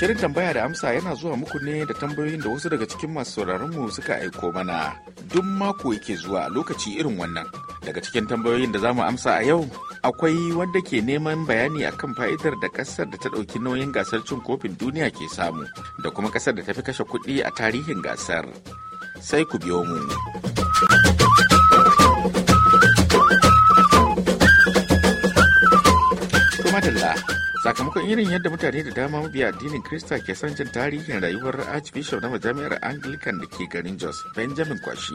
Shirin tambaya da amsa yana zuwa muku ne da tambayoyin da wasu daga cikin masu sauraron mu suka aiko mana. Duk mako yake zuwa lokaci irin wannan. Daga cikin tambayoyin da za mu amsa a yau, akwai wanda ke neman bayani akan fa'idar da ƙasar da ta ɗauki nauyin gasar cin kofin duniya ke samu, da kuma ƙasar da ta fi kashe kuɗi a tarihin gasar. Sai ku biyo mu. Tumatalla. sakamakon irin yadda mutane da dama mabiya addinin krista ke son jin tarihin rayuwar archbishop na majami'ar anglican da ke garin jos benjamin kwashi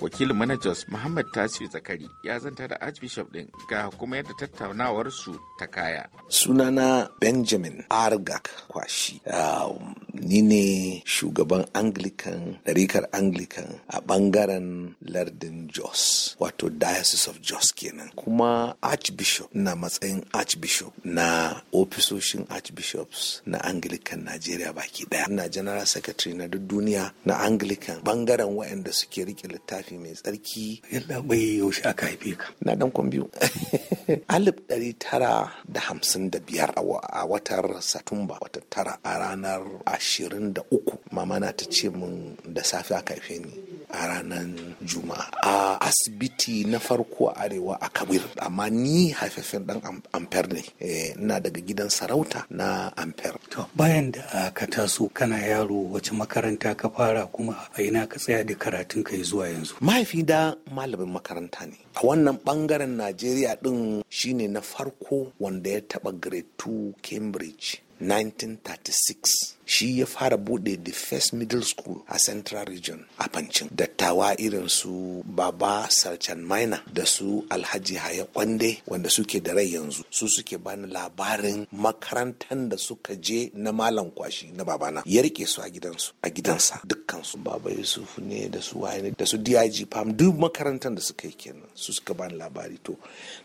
wakilin managers muhammad tasir zakari ya zanta da archbishop din ga kuma yadda su ta kaya sunana benjamin argak kwashi um, ni ne shugaban anglican ɗarikar anglican a ɓangaren lardin jos wato diocese of jos kenan kuma archbishop na matsayin archbishop na ofisoshin archbishops na anglican najeriya baki daya na general secretary na duk duniya na anglican ɓangaren waɗanda suke riƙe littafi ƙarfi mai tsarki yadda bai yaushe aka haife ka na dan kwan biyu alif ɗari tara da hamsin da biyar a watar satumba wata tara a ranar ashirin da uku mama na ta ce min da safe aka haife ni a ranar juma'a a asibiti na farko a arewa a kabir amma ni haifafen dan amfer ne eh, ina daga gidan sarauta na amfer to bayan da ka taso kana yaro wace makaranta ka fara kuma a ina ka tsaya da karatun ka zuwa yanzu mahaifi da malamin makaranta ne a wannan bangaren najeriya din shine na farko wanda ya taba grade 2 cambridge 1936 shi ya fara bude the first middle school a central region a Pancin. dattawa irin su baba sarchan maina da su alhaji haya kwande wanda suke da rai yanzu su suke bani labarin makarantar da suka je na malam kwashi na babana ya rike su a gidansu a gidansa duk kansu baba yusuf ne da su waye da su dig fam duk makarantar da suka yi kenan su suka bani labari to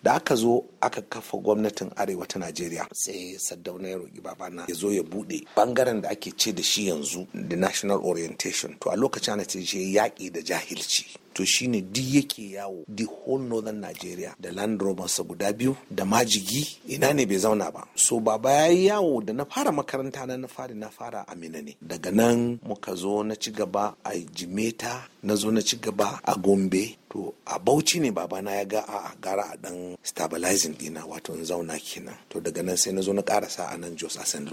da aka zo aka kafa gwamnatin arewa ta najeriya sai saddauna ya baba babana ya zo ya bude bangaren da ake ce da shi yanzu the national orientation to a lokacin ana ce yaƙi da jahilci to shine di yake yawo the whole northern Nigeria da land roversa guda biyu da majigi ina ne bai zauna ba so baba ya yi yawo da na fara makaranta na na fara na fara amina ne daga nan muka zo na ci gaba a jimeta na zo na ci gaba a gombe to a bauchi ne babana ya ga a gara a dan stabilizing dina wato in zauna kenan to daga nan sai na zo na karasa a nan jos a st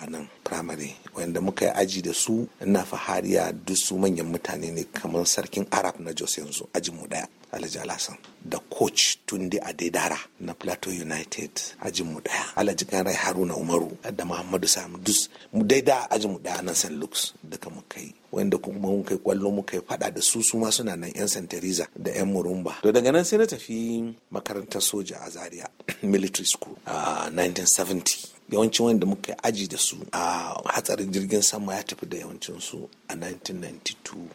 a nan primary wanda muka yi aji da su ina fahariya duk su manyan mutane ne kamar sarkin arab na jos yanzu ajinmu daya Alhaji Alhassan da coach Tunde Adedara na Plateau United ajin mu daya. Alhaji Kanrai Haruna Umaru da Muhammadu Sami Dus mu daida ajin mu daya nan St. Luke's duka mu kai wanda kuma mun kai kwallo mu kai fada da su su suna nan yan Saint Teresa da yan Murumba. To daga nan sai na tafi makarantar soja a Zaria Military School a ah, 1970. yawancin wanda muka aji da su a hatsarin jirgin sama ya tafi da yawancin su a 1992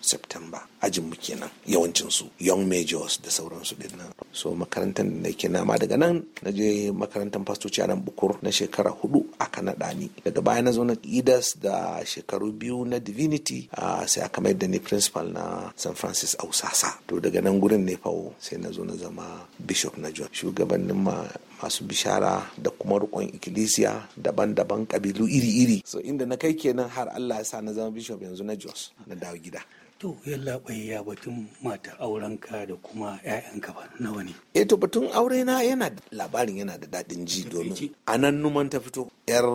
septemba ajin mu kenan yawancin su young majors da sauransu din nan so makarantar da nake nama daga nan na je makarantar fastoci a nan bukur na shekara hudu a kanada ni daga baya na zo na idas da shekaru biyu na divinity sai aka mai da ni principal na san francis ausasa to daga nan gurin ne fawo sai na zo na zama bishop na jos shugabannin ma masu bishara da kuma rukun ikkilisiya daban-daban kabilu iri-iri so inda na kai kenan har Allah ya sa na zama bishop yanzu na Jos na dawo gida to yalla ya batun mata aurenka da kuma 'ya'yanka ba nawa ne eh to batun aure na yana labarin yana da daɗin ji domin anan numan ta fito yar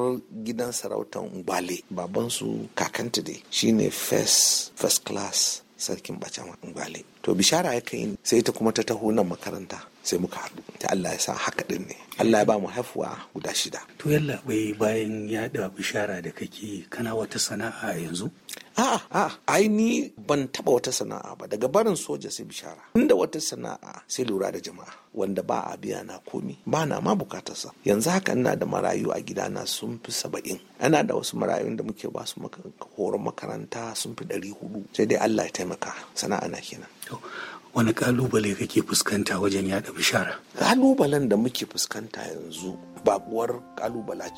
gidan sarautan ubale su kakanta dai shine first first class sarkin bacama ubale to bishara ya kai sai ta kuma ta taho nan makaranta sai muka haɗu ta Allah ya sa haka ɗin ne Allah ya ba mu haifuwa guda shida to yalla bai bayan yaɗa bishara da kake kana wata sana'a yanzu a'a a'a ai ni ban taba wata sana'a ba daga barin soja sai bishara inda wata sana'a sai lura da jama'a wanda ba a biya na komi ba na ma bukatarsa yanzu haka ina da marayu a gidana sun fi saba'in ana da wasu marayun da muke ba su horon makaranta sun fi ɗari hudu sai dai Allah ya taimaka sana'a na kenan wani kalubale kake fuskanta wajen yada bishara kalubalen da muke fuskanta yanzu babuwar kalubala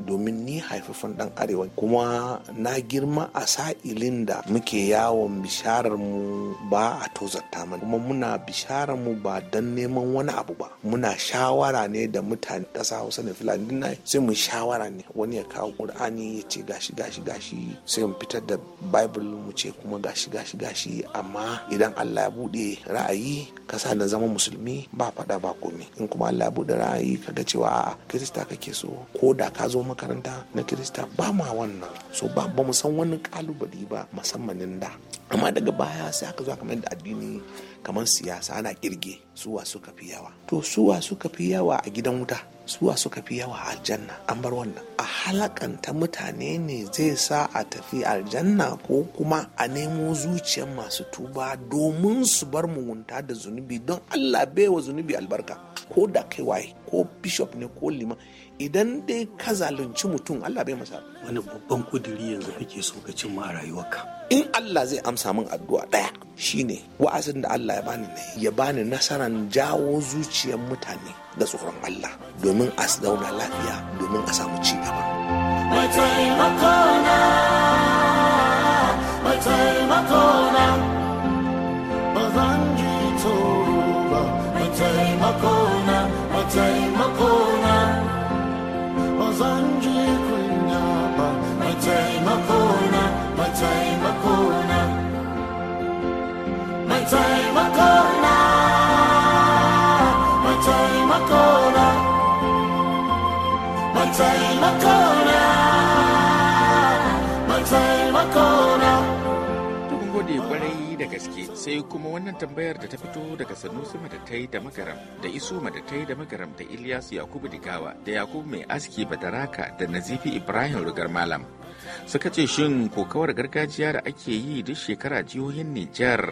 domin ni haifafan dan arewa kuma na girma a sa'ilin da muke yawon bisharar mu ba a tozarta mana kuma muna bisharar mu ba dan neman wani abu ba muna shawara ne da mutane ƙasa hausa da fulani na sai mu shawara ne wani ya kawo ƙur'ani ya ce gashi gashi gashi sai mu fitar da bible mu ce kuma gashi gashi gashi amma idan allah ya buɗe ra'ayi ka sa na zama musulmi ba faɗa ba komi. in kuma allah ya buɗe ra'ayi kaga cewa kirista kake so ko da ka zo makaranta na kirista ba ma wannan so ba ba mu san wani kalubale ba musammanin da amma daga baya sai aka zo aka mai da addini kamar siyasa ana kirge suwa suka fi yawa to suwa suka fi yawa a gidan wuta suwa suka fi yawa a aljanna an bar wannan a halakanta mutane ne zai sa a tafi aljanna ko kuma a nemo zuciyar masu tuba domin su bar mugunta da zunubi don allah baiwa zunubi albarka ko da kai waye ko bishop ne ko liman idan dai ka zalunci mutum Allah bai masa wani babban kudiri yanzu kake so ka cin ma rayuwarka in Allah zai amsa min addu'a daya shine wa'azin da Allah ya bani ne ya bani nasaran jawo zuciyar mutane da tsoron Allah domin a zauna lafiya domin a samu ci gaba mataimakona mataimakona mataimakona mataimakona mataimakauna mun gode kwarai da gaske sai kuma wannan tambayar da ta fito daga sanusi madatai da magaram da isu madatai da magaram da Ilyas yakubu digawa da yakubu mai aski badaraka da nazifi ibrahim rugar malam suka ce shin kokawar gargajiya da ake yi duk shekara jihohin nijar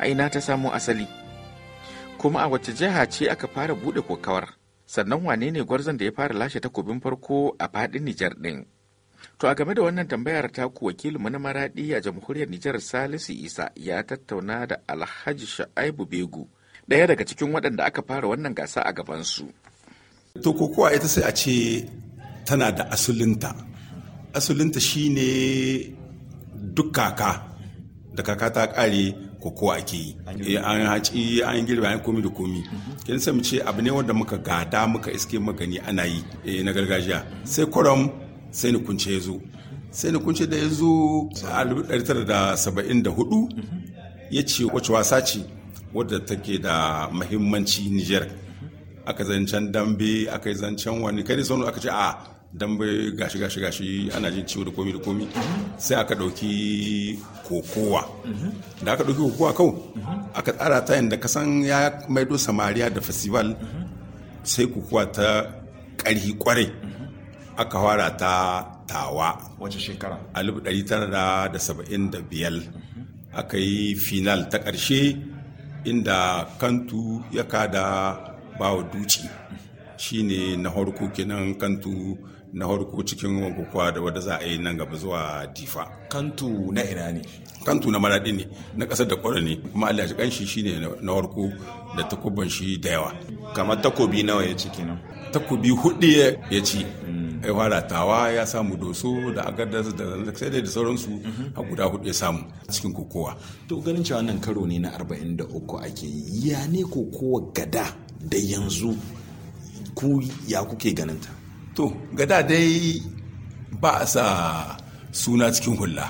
a ina ta samo asali kuma a wace jiha ce aka fara buɗe kokawar sannan wane ne gwarzon da ya fara lashe takobin farko a fadin Nijar ɗin. To a game da wannan tambayar ta ku wakilinmu na maraɗi a jamhuriyar Nijar Salisu Isa ya tattauna da Alhaji Sha'aibu Begu ɗaya daga cikin waɗanda aka fara wannan gasa a gabansu. To kokowa ita sai a ce tana da asulinta. Asulinta shine duk kaka da kaka ta ƙare ko ko ake yi an eh, haci an girbe an komi da komi mhm. kin sai mu ce abu ne wanda muka gada muka iske magani ana yi eh, na gargajiya sai kwaram sai ni kunce ya zo sai ni kunce da ya zo a 1974 mhm. ya ce wacce wasa ce wadda take da mahimmanci Nijar aka zancen dambe aka yi zancen wani kai ne sanu aka ce a dambe gashi gashi gashi ana jin ciwo da komi da komi sai aka ɗauki kokowa da aka ɗauki kokowa kau aka tsara ta yadda kasan ya maido samariya da festival sai kokowa ta ƙarhi kwarai aka fara ta tawa wace shekara a 1975 aka yi final ta ƙarshe inda kantu ya kada bawa duci shine na harko kenan kantu na harko cikin wankukuwa da wadda za a yi nan gaba zuwa difa kantu na ina ne kantu na maraɗi ne na kasar da kwara ne kuma allah shi kanshi shi ne na harko da takubban shi da yawa kamar takobi nawa ya ci kenan takobi hudu ya ci mm. ya fara tawa ya samu doso da agadas da sai da sauransu mm-hmm. a guda hudu ya samu cikin kokowa to ganin cewa nan karo ne na 43 ake yi ya ne kokowa gada da yanzu ku ya kuke ta. to gada dai ba a sa suna cikin hula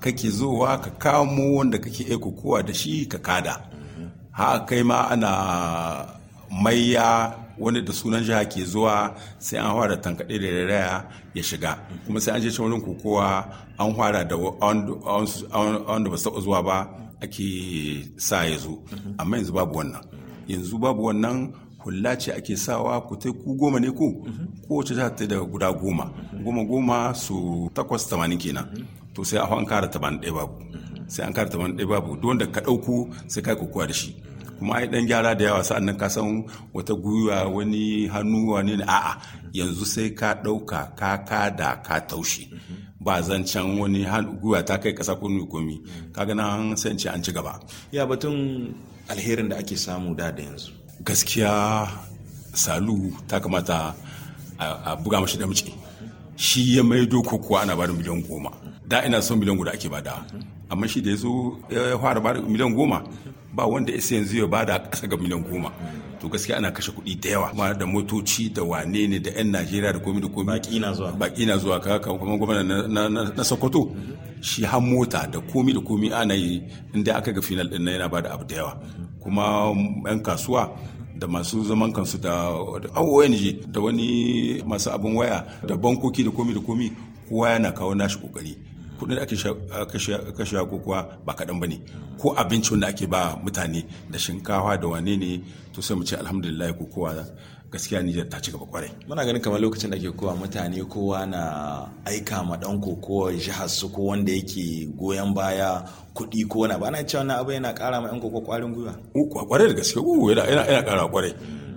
kake zowa ka kamo wanda kake iya kowa da shi ka kada ha kai ma ana maiya wani da sunan jiha ke zuwa sai an hwara tankaɗe da raya ya shiga kuma sai an je wani kokowa an hwara da wanda ba taɓa zuwa ba ake sa ya zo amma yanzu babu wannan yanzu babu wannan hula ce ake sawa ku ta ku goma ne ko mhm. kowace ta ta da guda goma mhm. goma goma su takwas tamanin kenan mhm. to sai a an kara tamanin ɗaya babu sai an kara tamanin ɗaya babu don da ka ɗauko sai kai kuwa da shi kuma ai dan gyara da yawa sa'an nan ka san wata gwiwa wani hannu wani a'a yanzu sai ka ɗauka ka da ka taushe ba zancen wani gwiwa ta kai kasa ko komi kaga nan sai an ci gaba ya batun alherin da ake samu da da yanzu gaskiya salu ta kamata a buga mashi mace shi ya maido ko kuwa ana bada miliyan goma da ina son miliyan guda ake bada amma shi da ya zo ya fara bada miliyan goma ba wanda ya yanzu ya bada ƙasa ga miliyan goma to gaskiya ana kashe kuɗi da yawa kuma da motoci da wane ne da 'yan najeriya da komi da komi baki na zuwa baki na zuwa ka kuma gwamna na sokoto shi har mota da komi da komi ana yi inda aka ga final din yana bada abu da yawa kuma 'yan kasuwa da masu zaman kansu da ONG da wani masu abin waya da bankoki da komi da komi kowa yana kawo nashi kokari kudin da ake kashewa ko kuwa ba kaɗan ba ne ko abinci wanda ake ba mutane da shinkawa da wane ne to sai mu ce alhamdulillah ko kowa gaskiya Nijar ta ci gaba kwarai muna ganin kamar lokacin da ke kowa mutane kowa na aika ma dan kokowa jihar su ko wanda yake goyon baya kuɗi ko wani ba na cewa na abu yana ƙara ma ɗan koko kwarin gwiwa kwarai da gaske yana yana ƙara kwarai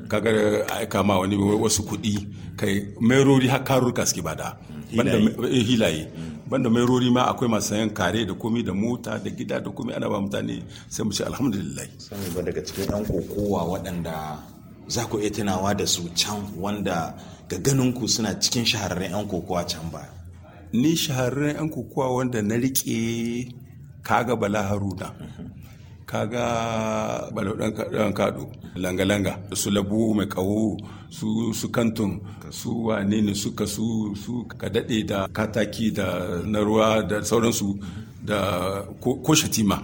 kaga aika ma wani wasu kuɗi kai merori har karuka suke bada banda eh, hilaye banda merori ma akwai masu sayan kare da komi da mota da gida da komi ana ba mutane sai mu ce alhamdulillah sani ba daga cikin ɗan kokowa waɗanda za ku iya tunawa da su can wanda ga ku suna cikin shahararren 'yan kokowa can ba ni shahararren 'yan kokowa wanda na riƙe kaga bala haruna kaga balaudan kado langa-langa su labu mai kawo su su kantun su wane ne suka su su daɗe da kataki da na ruwa da sauransu da ko shatima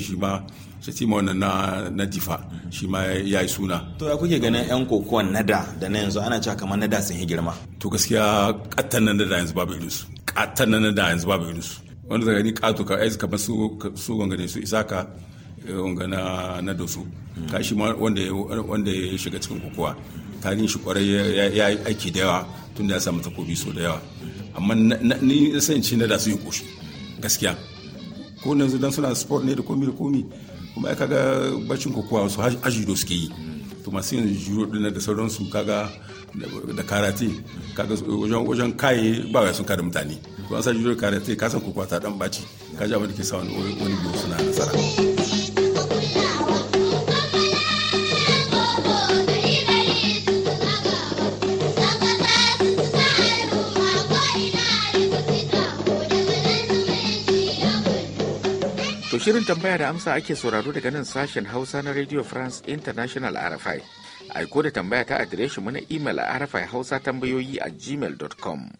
shi ma shatima wannan na na difa shi ma ya yi suna to ya kuke ganin yan kokowan nada da na yanzu ana cewa kamar nada sun yi girma to gaskiya katan nan da yanzu babu irinsu katan nan da yanzu babu irinsu wanda daga ni kato ka aiki kamar su su gangane su isaka gangana eh, na dosu hmm. ka shi ma wanda wanda ya shiga cikin kokowa yi shi kwarai ya yi aiki da yawa tun da ya samu takobi so da yawa amma ni sai in ci na da su yi koshi gaskiya ko yanzu dan suna sport ne da komi da komi kuma ya kaga bacin kokowa wasu da suke yi to masu yin juro din da sauransu kaga da karate kaga wajen wajen kai ba wai sun kada mutane to an sa juro karate ka san kokowa ta dan baci ka ji abin da ke sa wani wani biyu suna nasara shirin tambaya da amsa ake sauraro daga nan sashen Hausa na Radio France International RFI. Aiko da tambaya ta adireshin mu na imel a RFI Hausa tambayoyi a gmail.com.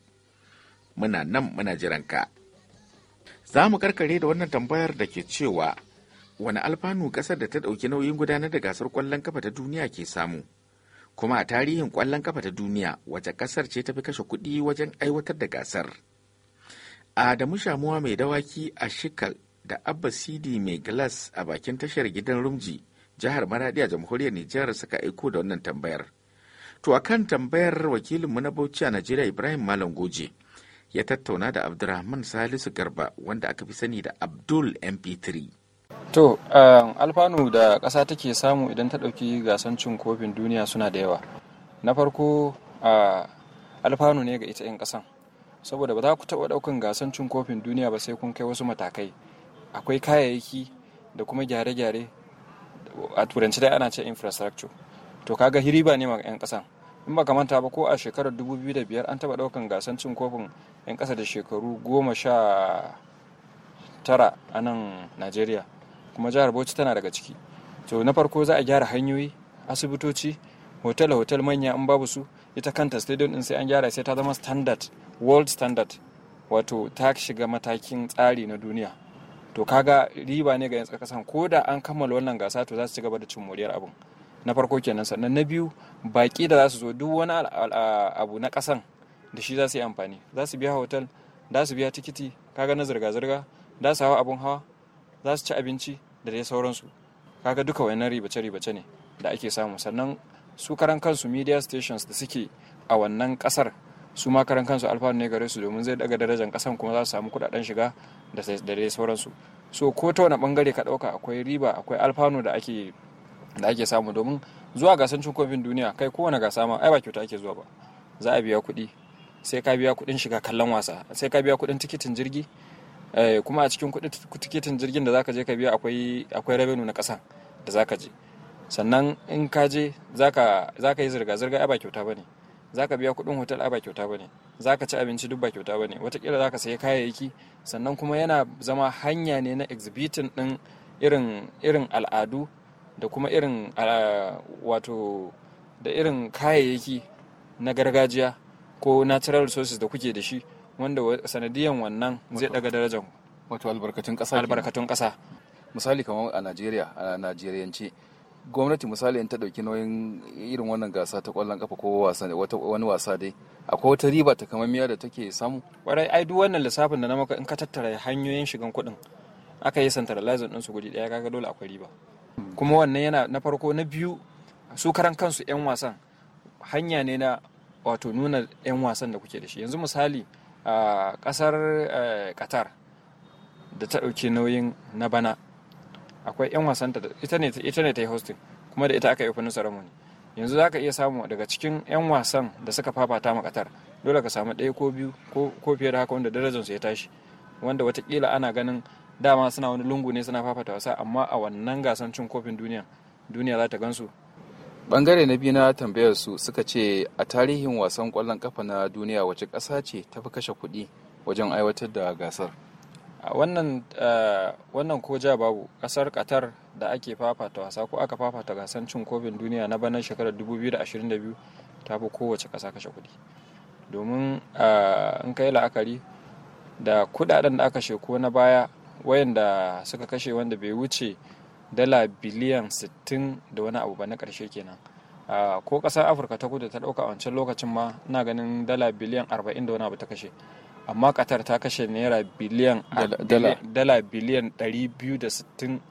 Muna nan muna jiran ka. Za mu karkare da wannan tambayar da ke cewa wani alfanu kasar da ta dauki nauyin gudanar da gasar kwallon kafa ta duniya ke samu. Kuma a tarihin kwallon kafa ta duniya wace kasar ce ta fi kashe kuɗi wajen aiwatar da gasar. Adamu Shamuwa mai dawaki a Shikal da abba sidi mai glass a bakin tashar gidan rumji jihar maradi a jamhuriyar nijar suka aiko da wannan tambayar to a kan tambayar wakilinmu na bauchi a najeriya ibrahim malam goje ya tattauna da abdulrahman salisu garba wanda aka fi sani da abdul mp3 to eh, alfanu da ƙasa take samu idan ta ɗauki gasan cin kofin duniya suna da yawa na farko eh, alfanu ne ga ita 'yan ƙasan saboda ba za ku taɓa ɗaukan gasan cin kofin duniya ba sai kun kai wasu matakai akwai kayayyaki da kuma gyare-gyare a turanci dai ana ce infrastructure to kaga hiriba ne ma 'yan kasan in ba manta ba ko a shekarar 2005 an taba daukan gasan cin kofin 'yan kasa da shekaru goma sha tara a nan najeriya kuma jihar bauchi tana daga ciki to na farko za a gyara hanyoyi asibitoci hotel-hotel manya in babu su ita kanta stadium din sai an gyara sai ta zama standard world standard wato ta shiga matakin tsari na duniya to kaga riba ne ga yanzu kasan ko da an kammala wannan gasa to za su ci gaba da cin moriyar abun na farko kenan sannan na biyu baki da za su zo duk wani abu na kasan da shi za su yi amfani za su biya hotel za su biya tikiti kaga na zirga-zirga za su hawa abun hawa za su ci abinci da dai sauransu kaga duka wannan ribace-ribace ne da ake samu sannan su karan kansu media stations da suke a wannan kasar su ma karan kansu alfanu ne gare su domin zai daga darajar kasan kuma za su samu kudaden shiga da dai sauransu so ko ta wani bangare ka dauka akwai riba akwai alfano da ake da ake samu domin zuwa gasan cin kofin duniya kai kowane gasa ma ai ba kyauta ake zuwa ba za a biya kuɗi sai ka biya kuɗin shiga kallon wasa sai ka biya kuɗin tikitin jirgi eh, kuma a cikin kuɗin tikitin jirgin da zaka je ka biya akwai akwai rabenu na ƙasa da zaka je sannan in ka je zaka yi zirga-zirga ai ba kyauta bane zaka biya kuɗin hotel ai ba kyauta bane za ka ci abinci duk ba kyauta ba ne watakila za ka sayi kayayyaki sannan kuma yana zama hanya ne na exhibiting din irin al'adu da kuma irin wato da irin kayayyaki na gargajiya ko natural resources da kuke da shi wanda sanadiyan wannan zai daga darajar wato albarkatun kasa. albarkatun kasa misali kamar a najeriya a najeriyance gwamnati misali in ta dauki nauyin irin wannan gasa ta ƙwallon kafa ko wani wasa dai akwai wata riba ta kamammiya da take samu ƙwarai ai duk wannan lissafin da na maka in ka tattara hanyoyin shigan kuɗin aka yi centralizing ɗinsu guri ɗaya kaga dole akwai riba kuma wannan yana na farko na biyu su karan kansu 'yan wasan hanya ne na wato nuna 'yan wasan da kuke da shi yanzu misali a ƙasar eh, qatar da ta ɗauki nauyin na bana akwai yan wasanta ita ne ita ne ta yi hosting kuma da ita aka yi opening ceremony yanzu za ka iya samu daga cikin yan wasan da suka fafata ma katar dole ka samu ɗaya ko biyu ko fiye da haka wanda darajar su ya tashi wanda watakila ana ganin dama suna wani lungu ne suna fafata wasa amma a wannan gasan cin kofin duniya duniya za ta gansu bangare na biyu na tambayar su suka ce a tarihin wasan kwallon kafa na duniya wace ƙasa ce ta fi kashe kuɗi wajen aiwatar da gasar wannan eh, wannan ko ja babu kasar qatar da ake fafata wasa ko aka fafata gasar cin kofin duniya na banan shekarar 2022 ta fi kowace kasa kashe kudi domin eh, in kai la'akari da kudaden da aka sheko na baya wayanda suka kashe wanda bai wuce dala biliyan 60 da wani abu ba na karshe kenan eh, ko kasar afirka ta kudu ta dauka a wancan lokacin ma na ganin dala biliyan 40 da wani abu ta kashe amma qatar ta kashe naira biliyan dala biliyan 260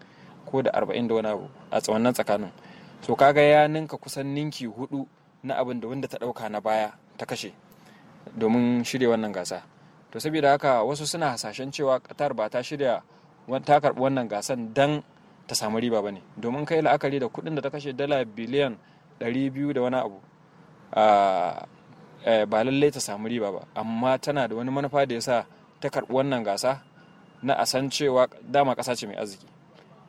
ko da 40 da wani abu a wannan tsakanin so kaga ya ninka kusan ninki hudu na abin da wanda ta dauka na baya ta kashe domin shirya wannan gasa to saboda haka wasu suna hasashen cewa qatar ba ta shirya ta karbi wannan gasan dan ta samu riba ba ne domin kai la'akari da kudin da ta kashe dala biliyan 200 da wani abu ah, Eh, ba lallai ta samu riba ba amma tana da wani manufa da ya sa ta karɓi wannan gasa na a san cewa dama ƙasa ce mai arziki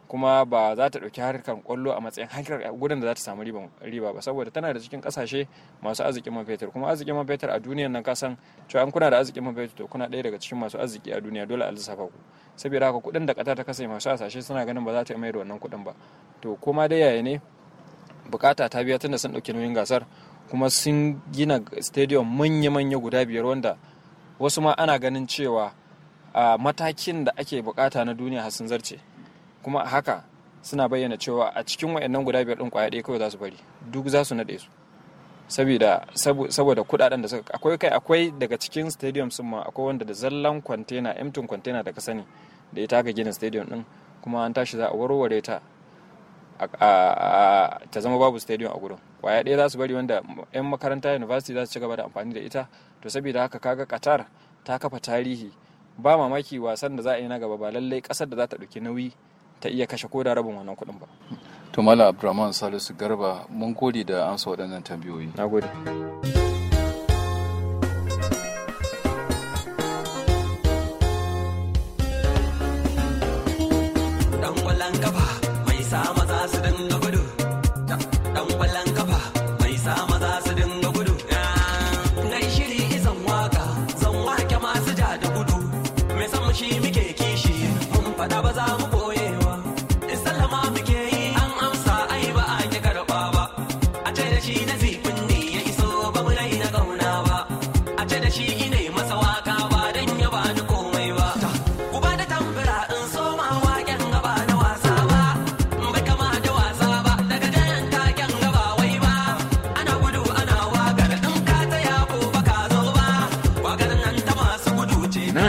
kuma ba za ta ɗauki harkar kwallo a matsayin harkar gudun da za ta samu riba ba saboda tana da cikin ƙasashe masu arzikin man fetur kuma arzikin man fetur a duniyar nan kasan cewa an kuna da arzikin man fetur to kuna ɗaya daga cikin masu arziki a duniya dole a lissafa ku saboda haka kuɗin da ƙasa ta kasa masu hasashe suna ganin ba za ta mai da wannan kuɗin ba to kuma da yaya ne bukata ta biya tunda sun ɗauki nauyin gasar kuma sun gina stadium manya-manya guda biyar wanda wasu ma ana ganin cewa a matakin da ake bukata na duniya hasin zarce kuma a haka suna bayyana cewa a cikin wayannan guda biyar din kwaya ɗaya kawai za su bari duk za su naɗe su saboda saboda kudaden da suka akwai kai akwai daga cikin stadium sun ma akwai wanda da zallan kwantena emtin kwantena da ka sani da ita ga ginin stadium din kuma an tashi za a warware ta ta zama babu stadium a gurin kwaya ɗaya za su bari wanda 'yan makaranta university za su ci gaba da amfani da ita to saboda haka kaga qatar ta kafa tarihi ba mamaki wasan da za a yi na gaba ba lallai kasar da za ta ɗauki nauyi ta iya kashe ko da rabin wannan kuɗin ba to mala abdulrahman salisu garba mun gode da ansa waɗannan tambayoyi na gode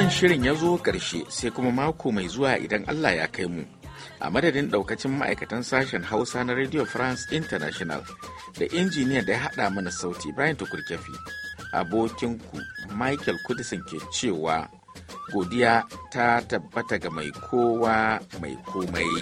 nan shirin ya zo ƙarshe sai kuma mako mai zuwa idan Allah ya kai mu. A madadin daukacin ma'aikatan sashen Hausa na Radio France International da injiniyan da ya haɗa mana sauti Brian Tukurkefi, abokinku Michael Kudisin ke cewa godiya ta tabbata ga mai kowa mai komai.